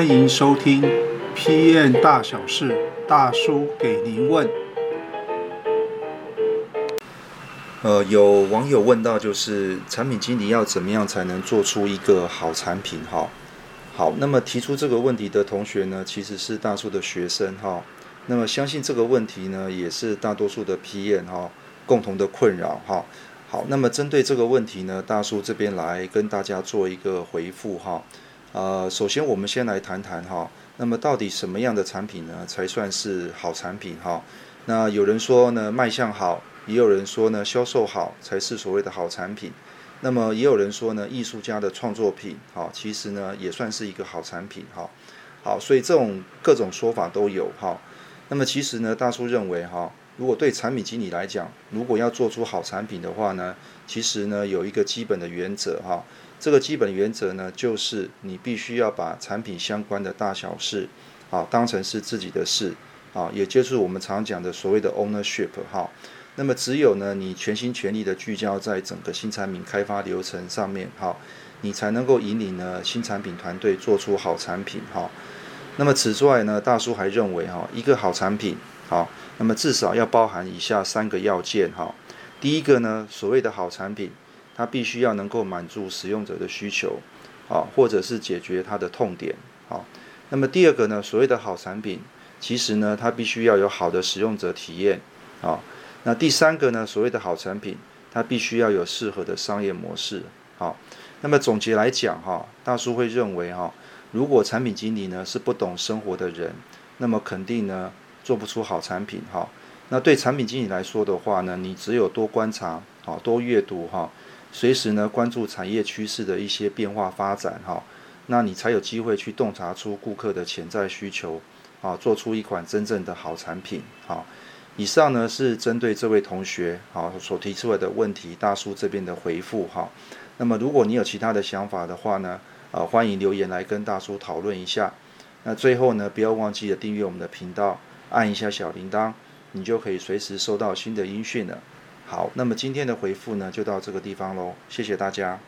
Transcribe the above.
歡迎收聽《PM 大小事》，大叔給您問。呃，有網友問到，就是產品經理要怎麼樣才能做出一個好產品？哈、哦，好，那麼提出這個問題的同學呢，其實是大叔的學生哈、哦。那麼，相信這個問題呢，也是大多數的 PM 哈共同的困擾哈、哦。好，那麼針對這個問題呢，大叔這邊來跟大家做一個回覆哈。哦呃，首先我們先來談談哈，那麼到底什麼樣的產品呢，才算是好產品哈？那有人說呢賣相好，也有人說呢銷售好才是所謂的好產品，那麼也有人說呢藝術家的創作品哈，其實呢也算是一個好產品哈。好，所以這種各種說法都有哈。那麼其實呢，大叔認為哈，如果對產品經理來講，如果要做出好產品的話呢，其實呢有一個基本的原則哈。這個基本原則呢，就是你必須要把產品相關的大小事，啊，當成是自己的事，啊，也就是我們常講的所謂的 ownership 哈。那麼，只有呢，你全心全力的聚焦在整個新產品開發流程上面哈，你才能夠引領呢新產品團隊做出好產品哈。那麼，此外呢，大叔還認為哈，一個好產品哈，那麼至少要包含以下三個要件哈。第一個呢，所謂的好產品，它必須要能夠滿足使用者的需求，啊，或者是解決他的痛點，啊，那麼第二個呢，所謂的好產品，其實呢，它必須要有好的使用者體驗，啊，那第三個呢，所謂的好產品，它必須要有適合的商業模式，好，那麼總結來講哈，大叔會認為哈，如果產品經理呢是不懂生活的人，那麼肯定呢做不出好產品，哈，那對產品經理來說的話呢，你只有多觀察，啊，多閱讀，哈。隨時呢關注產業趨勢的一些變化發展哈，那你才有機會去洞察出顧客的潛在需求啊，做出一款真正的好產品好，以上呢是針對這位同學好所提出來的問題，大叔這邊的回復哈。那麼如果你有其他的想法的話呢，啊歡迎留言來跟大叔討論一下。那最後呢，不要忘記了訂閱我們的頻道，按一下小鈴鐺，你就可以隨時收到新的音訊了。好，那麼今天的回覆呢，就到這個地方嘍，謝謝大家。